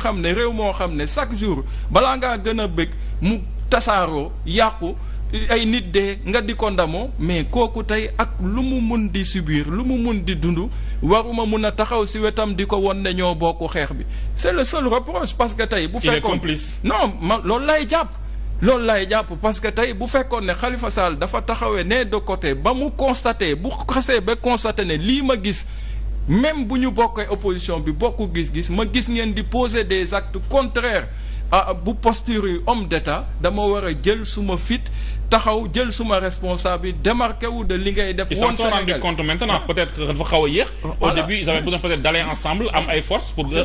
xam ne réew moo xam ne chaque jour balaa ngaa gën a bëgg mu tasaaroo yàqu ay nit de nga di ko ndamoo mais kooku tey ak lu mu mun di subir lu mu mun di dund waruma mun a taxaw si wetam di ko won ne ñoo bokk xeex bi c'est le seul reproche parce que tey bu fekkoon complice non ma loolu lay jàpp loolu lay jàpp parce que tey bu fekkoon ne Khalifa Sall dafa taxawee ne de ba mu constaté bu xasee ba constaté ne lii ma gis même bu ñu bokkee opposition bi bokku gis-gis ma gis ngeen di poser des actes contraires ah bu posture yu homme d'État dama war a jël suma fit taxaw jël suma responsable bi démarqué wu de li ngay def. woon Sénégal ils se sont rendu compte maintenant peut être dafa a yéex. au début ensemble am ay forces pour mhm.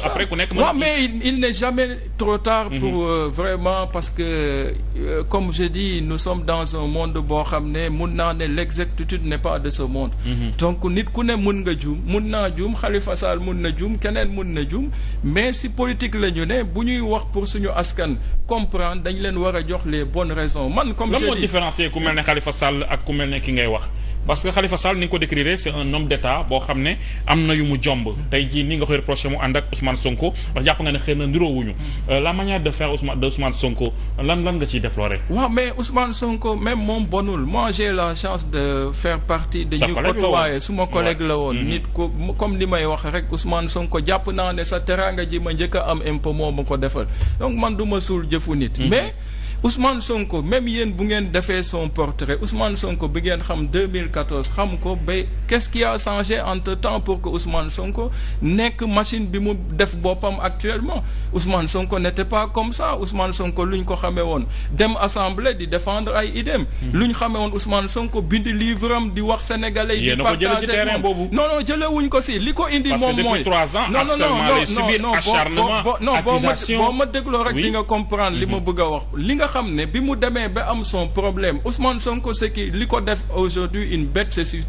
euh, vraiment parce que euh, comme je dis nous sommes dans un monde boo xam ne mun naa ne l'exactitude n'est pas de ce monde. Mhm. donc nit ku ne mun nga juum mun naa juum xalifa Sall mun na juum keneen mun na juum mais si politique la ñu ne bu ñuy wax pour suñu askan comprendre dañ leen war a jox les bonnes raisons man comme je différencier ku mel ne Khalifa Sall ak ku mel ne ki ngay wax parce que Khalifa Sall ni nga ko décrire c'est un homme d'état boo xam ne am na yu mu jomb tey jii ni nga koy reproché mu ànd ak Ousmane Sonko ndax jàpp nga ne xëy na niroowuñu euh, la manière de faire Ousmane de lan lan nga ciy déplorer. waaw mais Ousmane Sonko même moom bonul moi la chance de faire partie de ñu côtoyer suma collègue la woon mm-hmm. nit ku comme li may wax rek Ousmane Sonko jàpp naa ne sa teraanga ji ma a am impôt ma ko defal Ousmane Sonko même yéen bu ngeen defee son portrait son Sonko bi ngeen xam 2014 xam ko ba qu'est-ce qui entre temps pour que Ousmane Sonko nekk machine bi mu def boppam actuellement Ousmane Sonko n'était pas comme ça Ousmane Sonko lu ñu ko xamee woon dem assemblée di défendre ay idéem hmm. lu ñu xamee woon Ousmane Sonko bind livre am di wax sénégalais yi di partager moom non non jëlewuñ ko si li ko indi moom mooy non non non non non non boo ma dégloo rek di nga comprendre li ma mhm. bëgg a nga xam ne bi mu demee ba am son problème Ousmane Sonko ce qui li ko def aujourd'hui une bête c'est cette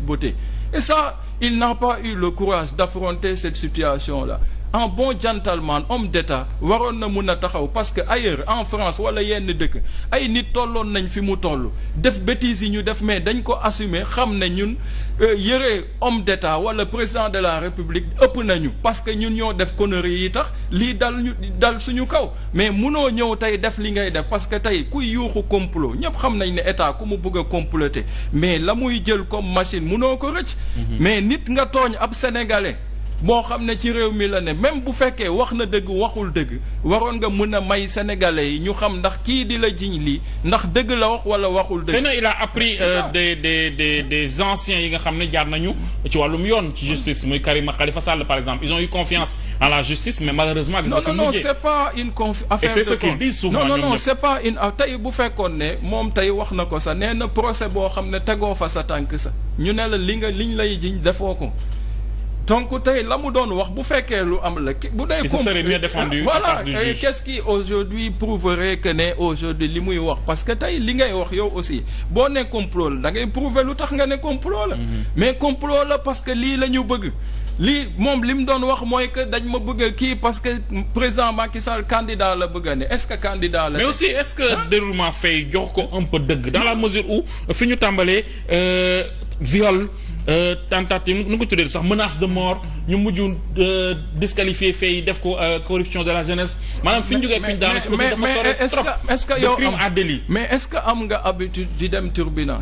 et ça il n'a pas eu le courage d'affronter cette situation là un bon gentleman homme d'État waroon na mun a taxaw parce que ailleurs en France wala yenn dëkk ay nit tolloon nañ fi mu toll def bêtises yi ñu def mais dañ ko assumer xam ne ñun euh, yëre homme d'État wala président de la République ëpp nañu parce que ñun ñoo def conneries yi tax lii dal ñu dal suñu kaw mais munoo ñëw tey def li ngay def parce que tey kuy yuuxu complot ñëpp xam nañ ne état ku mu bëgg a comploter mais la muy jël comme machine munoo ko rëcc mhm. mais nit nga tooñ ab sénégalais moo xam ne ci réew mi la ne même bu fekkee wax na dëgg waxul dëgg waroon nga mën a may sénégalais yi ñu xam ndax kii di la jiñ lii ndax dëgg la wax wala waxul dëgg. xëy na il a appris euh, des des des des anciens yi nga xam ne jaar nañu ci wàllum yoon ci justice muy Karim Khalifa Sall par exemple ils ont eu confiance en la justice mais malheureusement. gis nga fi mujjee non non c'est pas une conf affaire de. et c'est ce qu'ils disent c'est pas une ah, tey bu fekkoon ne moom tey wax na ko sax nee na procès boo xam ne tegoo fa sa tànk sa ñu ne la li nga liñ lay jiñ defoo ko. donc tey la mu doon wax bu fekkee lu am la bu dee. ce serait mieux défendu voilà et qu'est-ce aujourd'hui prouverait que ne aujourd'hui li muy wax parce que tey li ngay wax yow aussi boo ne complot la da ngay prouver lu tax nga ne complot la. Mhm. mais complot la parce que lii la ñu bëgg. lii moom li mu doon wax mooy que dañ ma bëgg a kii parce que président Macky Sall candidat la bëgg a ne est-ce que candidat la. mais aussi est-ce que déroulement fay jox ko un peu dëgg. dans la mesure où fi ñu tàmbalee euh, viol. Euh, tentative nu ko tuddee sax menace de mort ñu mujj euh, disqualifié fay def ko euh, corruption de la jeunesse maanaam fi ñu jógee fi ñu daanu si aussi dafa sore trop est-ce que yow crime à délit mais est-ce que am nga habitude di dem tribunal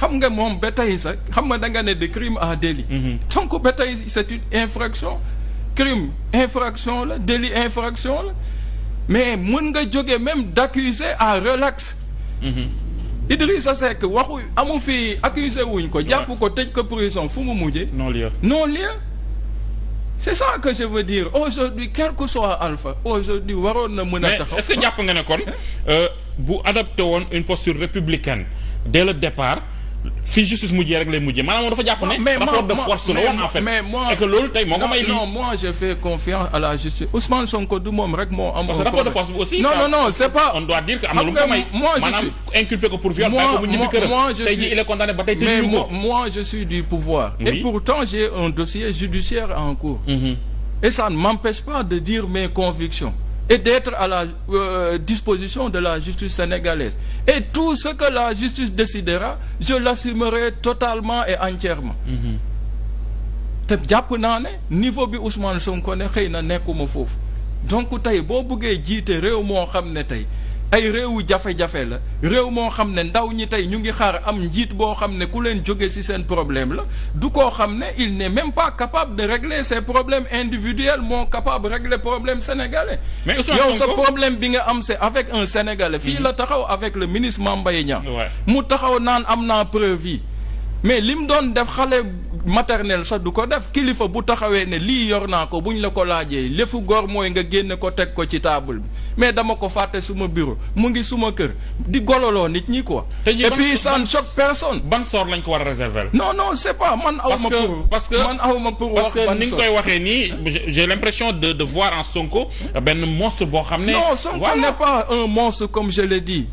xam nga moom ba tey sax xam nga da nga ne de crime à délit mhm. donc ba tey c'est une infraction crime infraction la délit infraction la mais mën nga jógee même d'accuser à relax mm -hmm. sa Seck waxu amu fi accusé wuñ ko. jàpp ko tëj ko prison fu mu mujjee. non lieu non lieu. c'est ça que je veux dire aujourd'hui quel que soit Alpha aujourd'hui waroon na mën a taxaw mais est-ce que jàpp nga ne kon euh, bu adopté woon une posture républicaine dès le départ. fii justice mujjee rek lay mujjee maanaam dafa jàpp ne rapport de force la woon en fait mais moi et que loolu tey moo ko may lii confiance à la justice Ousmane Sonko du moom rek moo am parce que de non c'est pas mais moi je suis du pouvoir et pourtant j'ai un dossier judiciaire en cours mhm. et ça ne m'empêche pas de dire mes convictions et d'être à la euh, disposition de la justice sénégalaise. Et tout ce que la justice décidera, je l'assumerai totalement et entièrement. Mm-hmm. te jàpp naa ne niveau bi Ousmane Sonko ne xëy na nekkuma foofu donc tey boo buggee jiite réew moo xam ne tey ay réewu jafe-jafe la réew moo xam ne ndaw ñi tey ñu ngi xaar am njiit boo xam ne ku leen jóge ci seen problème la du koo xam ne il ne même pas capable de régler ses problèmes individuels moo capable régler problème sénégalais yow sa problème bi nga am c'est avec un sénégalais fii mhm. la taxaw avec le ministre Mame Mbaye Niang mu taxaw naan am na preuve yi mais lim doon def xale maternel sax du ko def kilifa bu taxawee ne lii yor naa ko buñ la ko laajee lëfu góor mooy nga génne ko teg ko ci table bi mais dama ko fàtte suma bureau mu ngi suma kër di gololoo nit ñi ko te et puis ça ne choque personne. ban sort lañ ko war a réserver. non non c'est pas man. aw ma pour parce que man aw ma pour wax ban parce que ni nga koy waxee nii j'ai l'impression de de voir en Sonko benn monstre boo xam ne. non Sonko n'est pas un monstre comme je l'ai dit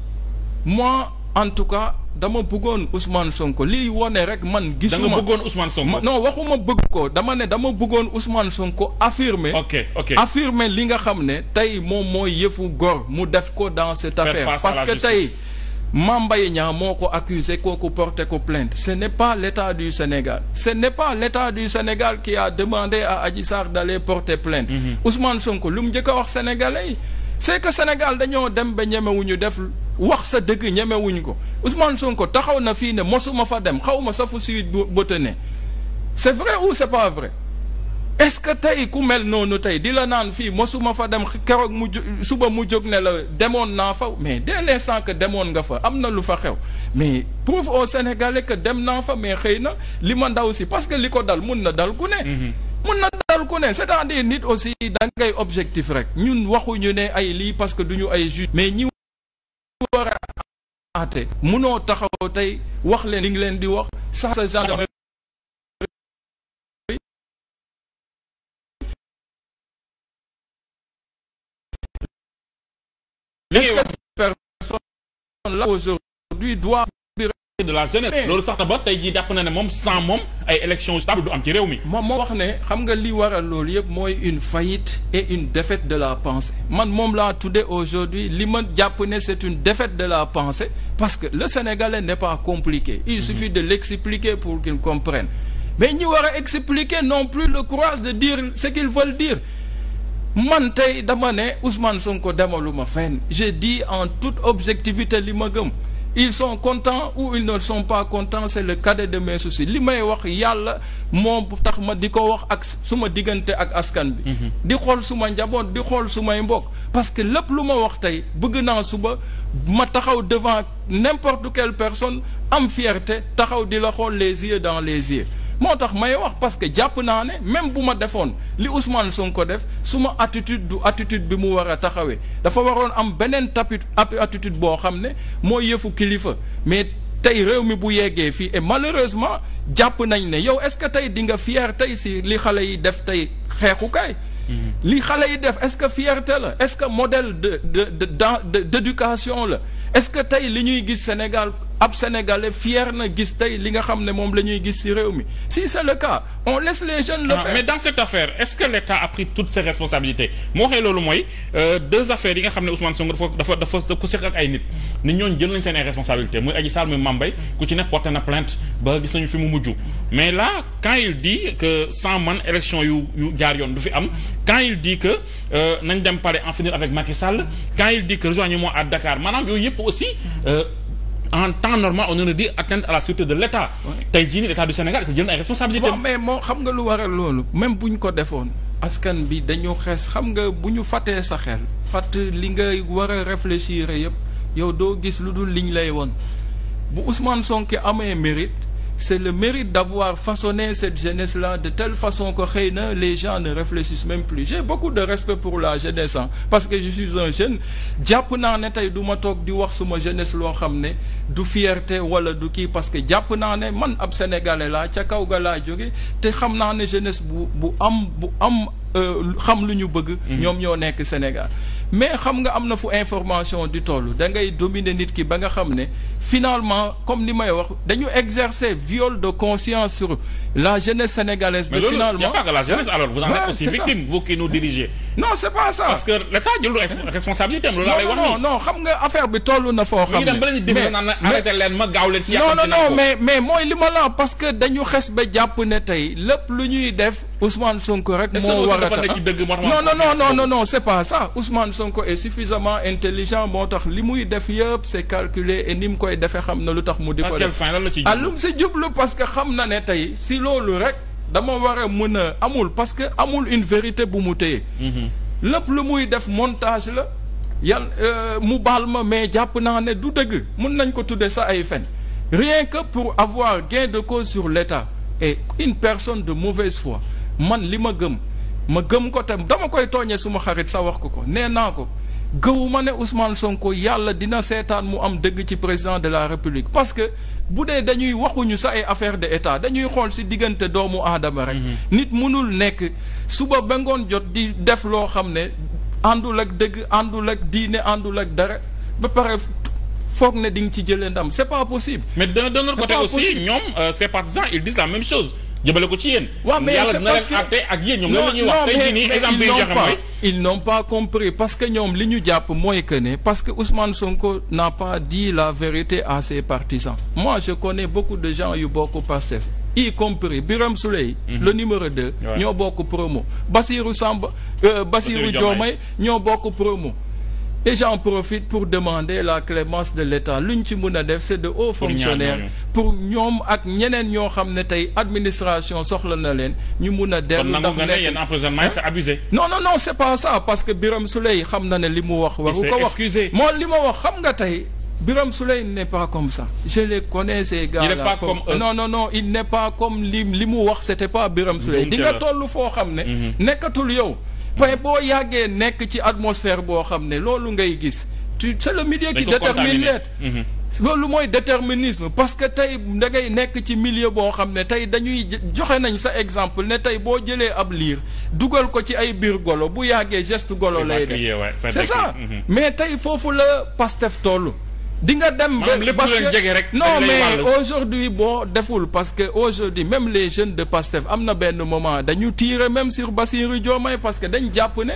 moi en tout cas. dama bëggoon Ousmane Sonko lii wone rek man. gisuma da nga bëggoon Ousmane Sonko. non waxuma bëgg ko dama ne dama bëggoon Ousmane Sonko affirmer. ok ok affirmer li nga xam ne tey moom mooy yëfu góor mu def ko dans cette affaire. parce que tey. Mame Mbaye Niang moo ko accusé kooku porte ko plainte ce n'est pas l'État du Sénégal ce n'est pas l'État du Sénégal qui a demandé à Adji Sarr d'aller porter plainte. Mm -hmm. Ousmane Sonko lu mu njëkk a wax sénégalais. c'est que Sénégal dañoo dem ba ñemewuñu def wax sa dëgg ñemewuñ ko Ousmane Sonko taxaw na fii ne mosuma fa dem xaw sa safu siit bote ne c'est vrai ou c'est pas vrai est-ce que tey ku mel noonu tey di la naan fii mosuma fa dem keroog mu suba mu jóg ne la demoon naa fa mais dès l'instant que demoon nga fa am na lu fa xew mais prouve aux Sénégalais que dem naa fa mais xëy na li ma ndaw si parce que li ko dal mun na dal ku ne mm-hmm. mun na seetaan ku ne cest nit aussi da ngay objectif rek ñun waxuñu ne ay lii parce que duñu ay juge mais ñi war a aate mënoo taxaw tey wax leen li ngi leen di wax sax sa gendarmerie est-ce que de la jeunesse eh. loolu sax ba tey jii jàpp na ne moom sans moom ay élections stable du am ci réew mi. moom moo wax ne xam nga li waral loolu yëpp mooy une faillite et une défaite de la pensée man moom laa tuddee aujourd'hui li ma jàpp ne c'est une défaite de la pensée parce que le Sénégalais n'est pas compliqué. il mhm. suffit de l'expliquer pour qu'il comprenne mais ñi war a expliquer non plus le courage de dire ce qu'ils veulent dire. man tey dama ne Ousmane Sonko ma fenn j'ai dit en toute objectivité li ma gëm. ils sont contents ou ils ne sont pas contents c'est le cadet de mes soucis li may wax yàlla moom tax ma di ko wax ak suma diggante ak askan bi mhm. di xool suma njaboot di xool sumay mbokk parce que lépp lu ma wax tey bëgg naa suba ma taxaw devant n'importe quelle personne am fierté taxaw di la xool les yeux dans les yeux moo tax may wax parce que jàpp naa ne même bu ma defoon li Ousmane Sonko def suma atitude du attitude bi mu war a taxawee dafa waroon am beneen tapi attitude boo xam ne mooy yëfu kilifa mais tey réew mi bu yeggee fii et malheureusement jàpp nañ ne yow est-ce que tey di nga fier tey si li xale yi def tey xeexukaay mm-hmm. li xale yi def est-ce que fierté la est-ce que modèle de de de d'éducation la est-ce que tey li ñuy gis Sénégal ab sénégalais fier na gis tey li nga xam ne moom la ñuy gis ci réew mi si c'est le cas on laisse les jeunes le ah, faire mais dans cette affaire est-ce que l'État a toutes ses responsabilités moo waxee loolu mooy euh, deux affaires yi nga xam ne Ousmane Sonko dafa dafa dafa da ko seq ak ay nit nit ñooñu jël nañ seen ay responsabilités muy Adji Sarr muy Mame ku ci nekk porté na plainte ba gis nañu fi mu mujj mais là quand il dit que sans man élection yu yu jaar yoon du fi am quand il euh, nañ dem pare en finir avec Macky Sall quand il dit que rejoignez-moi maanaam yooyu yëpp aussi euh, en temps normal on aurait dit atteinte à la sûreté de l' état. tey jii nii état du Sénégal dafa jël ay moo xam nga lu waral loolu même bu ñu ko defoon. askan bi dañu xees xam nga bu ñu fàttee sa xel. fatt li ngay war a réfléchir yëpp yow doo gis lu dul liñ lay woon bu Ousmane Sonko amee mérite. c'est le mérite d'avoir façonné cette jeunesse-là de telle façon que xëy na les gens ne réfléchissent même plus j'ai beaucoup de respect pour la jeunesse ah parce que je suis un jeune jàpp naa ne tey du ma toog di wax suma jeunesse loo xam ne du fierté wala du kii parce que jàpp naa ne man ab sénégalais la ca kaw ga laa jóge te xam naa ne jeunesse bu bu am bu am euh, xam lu ñu bëgg mhm. ñoom ñoo nekk Sénégal mais xam nga am na fu information di toll da ngay dominer nit ki ba nga xam ne finalement comme li may wax dañu exercer viol de conscience sur la jeunesse sénégalaise. mais, mais finalement alors vous en êtes aussi victime vous qui nous dirigez. non c'est pas ça parce que l'état jël responsabilité am loolu lay wax non non bi toll na foo xam leen ma gaaw leen ci non non non mais mais mooy li ma la parce que dañu xes ba jàpp ne tey lépp lu ñuy def Ousmane Sonko rek moo war a non non non non non non c'est pas ça Ousmane Sonko est suffisamment intelligent moo tax li muy def yëpp c'est calculé et ni mu koy defee xam na lu tax mu di ko def allum si jublu parce que xam na ne tey si loolu rek dama war a mën a amul parce que amul une vérité bu mu téye mhm. lépp lu muy def montage la yal euh, mu baal ma mais jàpp naa ne du dëgg mun nañ ko tuddee sa ay fen rien que pour avoir gain de cause sur l'État et une personne de mauvaise foi man li ma gëm ma gëm ko te dama koy tooñee suma xarit sa wax ko ko nee naa ko gëwuma ne Ousmane Sonko yàlla dina seetaan mu am dëgg ci président de la République parce que bu dee dañuy waxuñu sa ay affaire de état dañuy xool si diggante doomu aadama rek. Mhm. nit mënul nekk suba ba ngoon jot di def loo xam ne àndul ak dëgg àndul ak diine àndul ak dara ba pare. foog ne di nga ci jëlee ndam c'est pas possible. mais d'un autre côté aussi ñoom euh, ces partisans ils disent la même chose. jëmale ko ci yéen. waaw mais c'est parce que yàlla dina leen àtte ak yéen ñoom. la ñuy wax tey jii nii exemple yi joxe mooy ils n'ont pas compris parce que ñoom li ñu jàpp mooy que ne parce que Ousmane Sonko n'a pas dit la vérité à ses partisans. moi je connais beaucoup de gens yu bokk Pastef y compris Birame Souleye mhm. le numéro 2. ñoo bokk promo Bassirou Samba euh, Bassirou Diomaye ñoo bokk promo. et j'en profite pour demander la clémence de l'État lu ñu ci mën a def c'est de hauts fonctionnaires pour ñoom ak ñeneen ñoo xam ne tey administration soxla na leen ñu mun a dellu ndax yéen emprisonnement c'est abusé non non non c'est pas ça parce que biram Souleye xam na ne li mu wax waru ko wax moom li ma wax xam nga tey biram Souleye n'est pas comme ça je les connais ces no là il n'est pas comme il n'est pas comme li li mu wax c'était pas biram Souleye di nga toll foo xam ne mhm. nekkatul yow mais boo yàggee nekk ci atmosphère boo xam ne loolu ngay gis tu c'est le milieu qui détermine mhm. loolu mooy déterminisme parce que tey da nekk ci milieu boo xam ne tey dañuy joxe nañ sa exemple ne tey boo jëlee ab liir dugal ko ci ay biir golo bu yàggee geste golo lay def c'est ça mhm. mais tey foofu la Pastef tollu di nga dem jege rek non mais aujourd'hui boo deful parce que aujourd'hui même les jeunes de Pastef am na benn moment dañu tirer même sur Bassirou Diomaye parce que dañ jàpp ne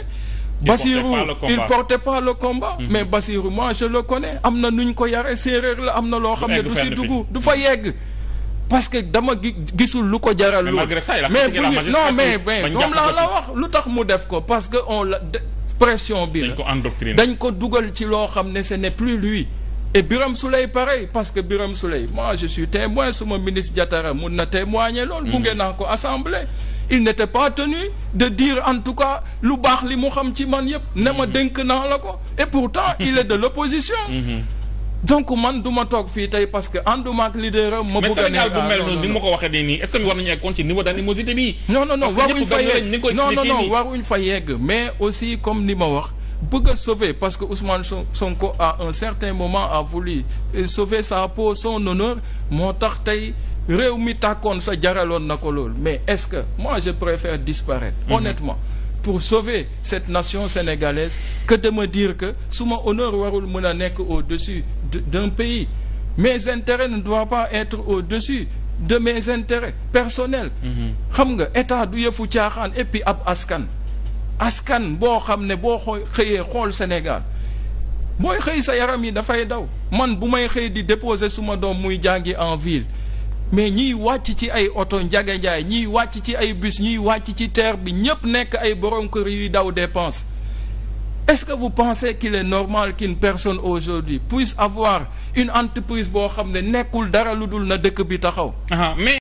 Bassirou il portait pas le combat mm-hmm. mais Bassirou moi je le connais am na nuñ ko yare séeréer la am na loo xam ne du si dugg du fa yegg parce que dama gisul lu ko jaral loolu mais non mais mais moom laa la wax lu tax mu def ko parce que on la pression bi la dañ ko dugal ci loo xam ne ce n'est plus lui et biram Souleye pareil parce que Birame Souleye moi je suis témoin suma ministre Diatara mun na témoigner loolu gunge mm. naa ko assemblée il n'était pas tenu de dire en tout cas lu baax li mu xam ci man yëpp ne ma mm-hmm. denk naa la ko et pourtant il est de l'opposition mm-hmm. donc man du ma toog fii tey parce que ànduma ak leader am. ma bëgg a mais Sénégal bu mel noonu ni nii est ce war nañu egg fa yegg non aussi comme ni ma wax. bëgg a sauver parce que son Sonko à un certain moment a voulu eh, sauver sa peau son honneur moo tax tey réew mi tàkkoon sa jaraloon na ko loolu mais est-ce que moi je préfère disparaître mhm. honnêtement pour sauver cette nation sénégalaise que de me dire que suma honneur warul mën a nekk au-dessus d'un pays mes intérêts ne doivent pas être au-dessus de mes intérêts personnels mhm. xam nga état du yëfu caaxaan et puis ab askan askan boo xam ne boo xëyee xool Sénégal booy xëy sa yaram yi dafay daw man bu may xëy di déposer suma doom muy jàngi en ville mais ñiy wàcc ci ay oto njaga njaay ñiy wàcc ci ay bus ñuy wàcc ci terre bi ñépp nekk ay borom kër yuy daw dépense est-ce que vous pensez qu'il est normal qu'une personne aujourd'hui puisse avoir une entreprise boo xam ne nekkul dara lu dul na dëkk bi taxaw mais